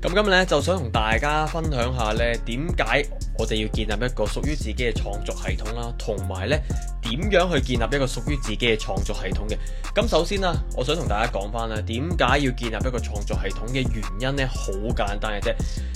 咁今日呢，就想同大家分享一下呢，點解我哋要建立一個屬於自己嘅創作系統啦，同埋呢，點樣去建立一個屬於自己嘅創作系統嘅？咁首先啦，我想同大家講翻啦，點解要建立一個創作系統嘅原因呢？好簡單嘅啫。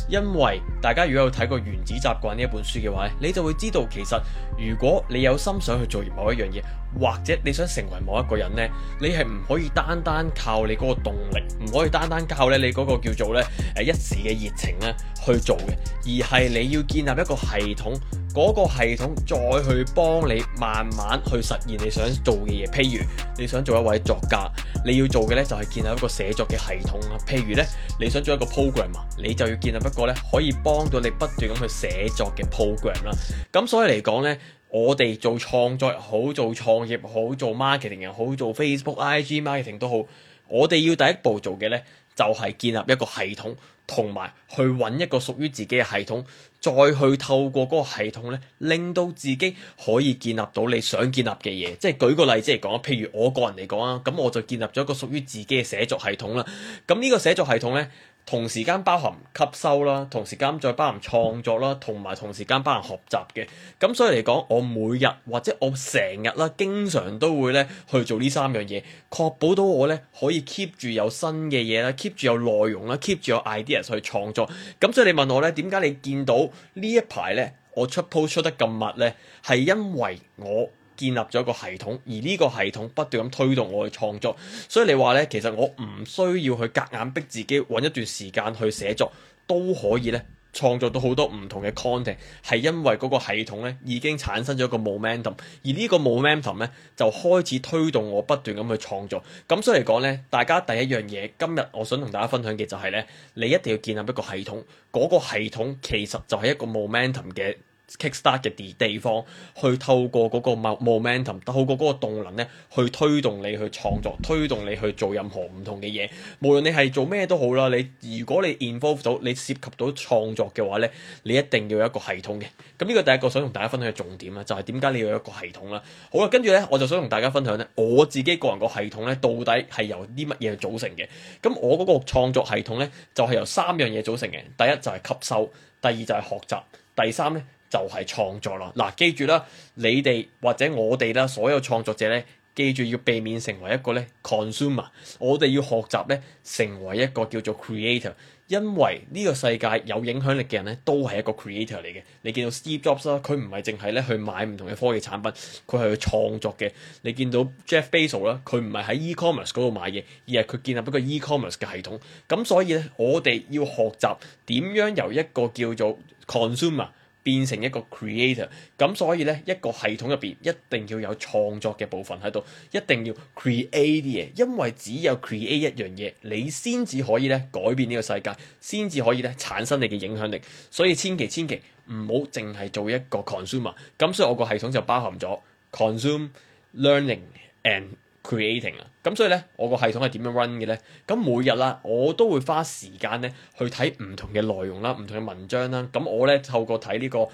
因為大家如果有睇過《原子習慣》呢一本書嘅話咧，你就會知道，其實如果你有心想去做某一樣嘢，或者你想成為某一個人呢，你係唔可以單單靠你嗰個動力，唔可以單單靠咧你嗰個叫做咧誒一時嘅熱情咧去做嘅，而係你要建立一個系統。嗰個系統再去幫你慢慢去實現你想做嘅嘢，譬如你想做一位作家，你要做嘅呢就係建立一個寫作嘅系統啦。譬如呢，你想做一個 program 啊，你就要建立一個呢可以幫到你不斷咁去寫作嘅 program 啦。咁所以嚟講呢，我哋做創作好，做創好，做創業好，做 marketing 又好，做 Facebook、IG marketing 都好，我哋要第一步做嘅呢就係建立一個系統。同埋去揾一個屬於自己嘅系統，再去透過嗰個系統呢，令到自己可以建立到你想建立嘅嘢。即係舉個例子嚟講，譬如我個人嚟講啊，咁我就建立咗一個屬於自己嘅寫作系統啦。咁呢個寫作系統呢。同時間包含吸收啦，同時間再包含創作啦，同埋同時間包含學習嘅。咁所以嚟講，我每日或者我成日啦，經常都會咧去做呢三樣嘢，確保到我咧可以 keep 住有新嘅嘢啦，keep 住有內容啦，keep 住有 idea 去創作。咁所以你問我咧，點解你見到呢一排咧，我出 post 出得咁密咧，係因為我。建立咗一個系統，而呢個系統不斷咁推動我去創作，所以你話咧，其實我唔需要去夾硬逼自己揾一段時間去寫作，都可以咧創造到好多唔同嘅 content，係因為嗰個系統咧已經產生咗一個 momentum，而個 mom、um、呢個 momentum 咧就開始推動我不斷咁去創作。咁所以嚟講咧，大家第一樣嘢，今日我想同大家分享嘅就係咧，你一定要建立一個系統，嗰、嗰個系統其實就係一個 momentum 嘅。Kickstart 嘅地地方，去透過嗰個 momentum，透過嗰個動能咧，去推動你去創作，推動你去做任何唔同嘅嘢。無論你係做咩都好啦，你如果你 involve 到你涉及到創作嘅話咧，你一定要有一個系統嘅。咁呢個第一個想同大家分享嘅重點咧，就係點解你要有一個系統啦。好啦，跟住咧，我就想同大家分享咧，我自己個人個系統咧，到底係由啲乜嘢去組成嘅？咁我嗰個創作系統咧，就係由三樣嘢組成嘅。第一就係吸收，第二就係學習，第三咧，就係創作咯，嗱，記住啦，你哋或者我哋啦，所有創作者咧，記住要避免成為一個咧 consumer，我哋要學習咧成為一個叫做 creator，因為呢個世界有影響力嘅人咧都係一個 creator 嚟嘅。你見到 Steve Jobs 啦，佢唔係淨係咧去買唔同嘅科技產品，佢係去創作嘅。你見到 Jeff Bezos 啦，佢唔係喺 e-commerce 度買嘢，而係佢建立一個 e-commerce 嘅系統。咁所以咧，我哋要學習點樣由一個叫做 consumer。變成一個 creator，咁所以呢，一個系統入邊一定要有創作嘅部分喺度，一定要 create 啲嘢，因為只有 create 一樣嘢，你先至可以呢改變呢個世界，先至可以呢產生你嘅影響力。所以千祈千祈唔好淨係做一個 consumer，咁所以我個系統就包含咗 consume、learning and。creating 啊，咁所以咧，我個系統係點樣 run 嘅咧？咁每日啦，我都會花時間咧去睇唔同嘅內容啦，唔同嘅文章啦。咁我咧透過睇呢個誒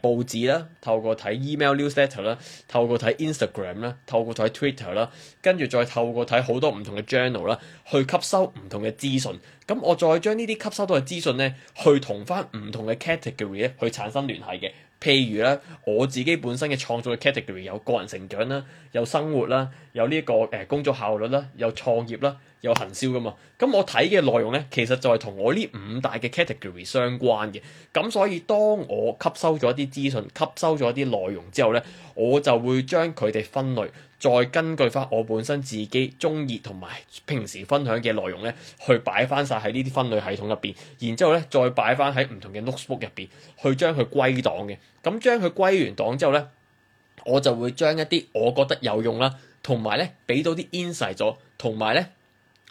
報紙啦，透過睇 email newsletter 啦，透過睇 Instagram 啦，透過睇 Twitter 啦，跟住再透過睇好多唔同嘅 journal 啦，去吸收唔同嘅資訊。咁我再將呢啲吸收到嘅資訊咧，去同翻唔同嘅 category 咧去產生聯繫嘅。譬如咧，我自己本身嘅創造嘅 category 有個人成長啦，有生活啦，有呢個誒工作效率啦，有創業啦，有行銷噶嘛。咁我睇嘅內容咧，其實就係同我呢五大嘅 category 相關嘅。咁所以當我吸收咗一啲資訊、吸收咗一啲內容之後咧，我就會將佢哋分類。再根據翻我本身自己中意同埋平時分享嘅內容咧，去擺翻晒喺呢啲分類系統入邊，然之後咧再擺翻喺唔同嘅 notebook 入邊，去將佢歸檔嘅。咁將佢歸完檔之後咧，我就會將一啲我覺得有用啦，同埋咧俾到啲 insight 咗，同埋咧，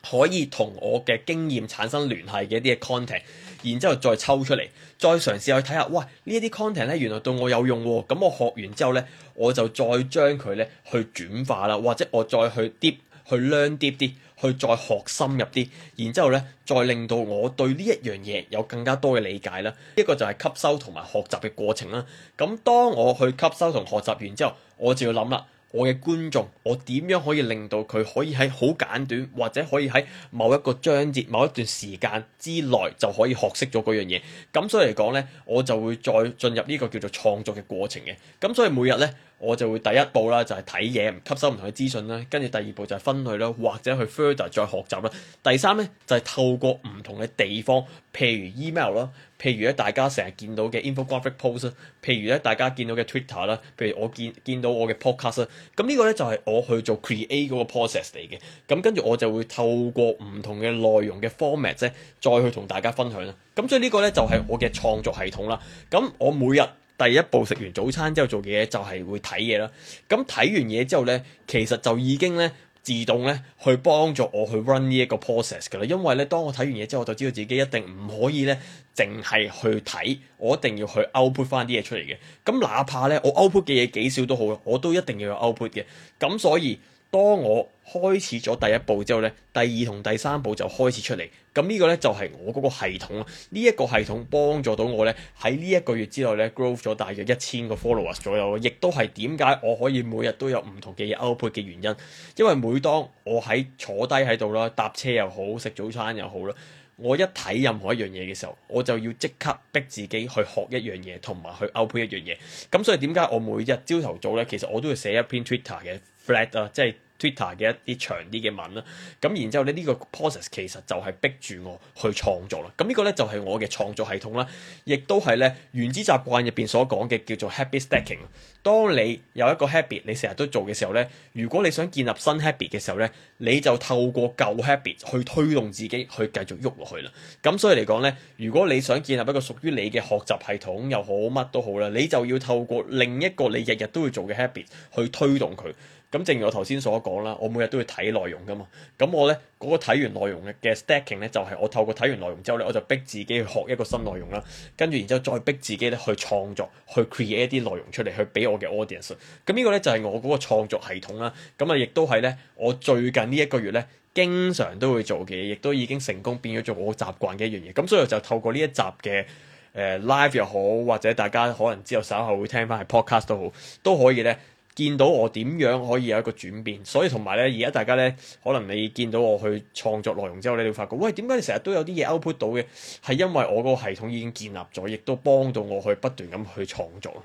可以同我嘅經驗產生聯繫嘅一啲嘅 content，然之後再抽出嚟，再嘗試去睇下，哇！呢一啲 content 咧，原來對我有用喎。咁、嗯、我學完之後咧，我就再將佢咧去轉化啦，或者我再去 deep 去 learn deep 啲，去再學深入啲，然之後咧，再令到我對呢一樣嘢有更加多嘅理解啦。呢、這、一個就係吸收同埋學習嘅過程啦。咁、嗯、當我去吸收同學習完之後，我就要諗啦。我嘅觀眾，我點樣可以令到佢可以喺好簡短，或者可以喺某一個章節、某一段時間之內就可以學識咗嗰樣嘢？咁所以嚟講咧，我就會再進入呢個叫做創作嘅過程嘅。咁所以每日咧。我就會第一步啦，就係睇嘢，唔吸收唔同嘅資訊啦。跟住第二步就係分類啦，或者去 further 再學習啦。第三呢，就係透過唔同嘅地方，譬如 email 啦，譬如咧大家成日見到嘅 infographic post 啦，譬如咧大家見到嘅 Twitter 啦，譬如我見見到我嘅 podcast 啦。咁呢個呢，就係我去做 create 嗰個 process 嚟嘅。咁跟住我就會透過唔同嘅內容嘅 format 啫，再去同大家分享啦。咁所以呢個呢，就係我嘅創作系統啦。咁我每日。第一步食完早餐之後做嘅嘢就係會睇嘢啦，咁睇完嘢之後咧，其實就已經咧自動咧去幫助我去 run 呢一個 process 嘅啦，因為咧當我睇完嘢之後，我就知道自己一定唔可以咧淨係去睇，我一定要去 output 翻啲嘢出嚟嘅，咁哪怕咧我 output 嘅嘢幾少都好，我都一定要有 output 嘅，咁所以。當我開始咗第一步之後呢，第二同第三步就開始出嚟。咁、這、呢個呢，就係我嗰個系統啊。呢一個系統幫助到我呢，喺呢一個月之內呢 grow 咗大約一千個 followers 左右。亦都係點解我可以每日都有唔同嘅嘢 output 嘅原因，因為每當我喺坐低喺度啦，搭車又好，食早餐又好啦。我一睇任何一樣嘢嘅時候，我就要即刻逼自己去學一樣嘢，同埋去 open 一樣嘢。咁所以點解我每日朝頭早咧？其實我都會寫一篇 Twitter 嘅 flat 啊，即係。Twitter 嘅一啲長啲嘅文啦，咁然之後咧呢、這個 process 其實就係逼住我去創作啦，咁呢個咧就係、是、我嘅創作系統啦，亦都係咧原子習慣入邊所講嘅叫做 habit stacking。當你有一個 habit 你成日都做嘅時候咧，如果你想建立新 habit 嘅時候咧，你就透過舊 habit 去推動自己去繼續喐落去啦。咁所以嚟講咧，如果你想建立一個屬於你嘅學習系統又好乜都好啦，你就要透過另一個你日日都會做嘅 habit 去推動佢。咁正如我頭先所講。我每日都會睇內容噶嘛，咁我呢嗰個睇完內容嘅 stacking 呢，就係我透過睇完內容之後呢，我就逼自己去學一個新內容啦，跟住然之後再逼自己呢去創作，去 create 啲內容出嚟去俾我嘅 audience。咁呢個呢，就係我嗰個創作系統啦，咁啊亦都係呢，我最近呢一個月呢，經常都會做嘅嘢，亦都已經成功變咗做我習慣嘅一樣嘢。咁所以我就透過呢一集嘅誒 live 又好，或者大家可能之後稍後會聽翻係 podcast 都好，都可以呢。見到我點樣可以有一個轉變，所以同埋咧，而家大家咧，可能你見到我去創作內容之後，你會發覺，喂，點解你成日都有啲嘢 output 到嘅？係因為我個系統已經建立咗，亦都幫到我去不斷咁去創作。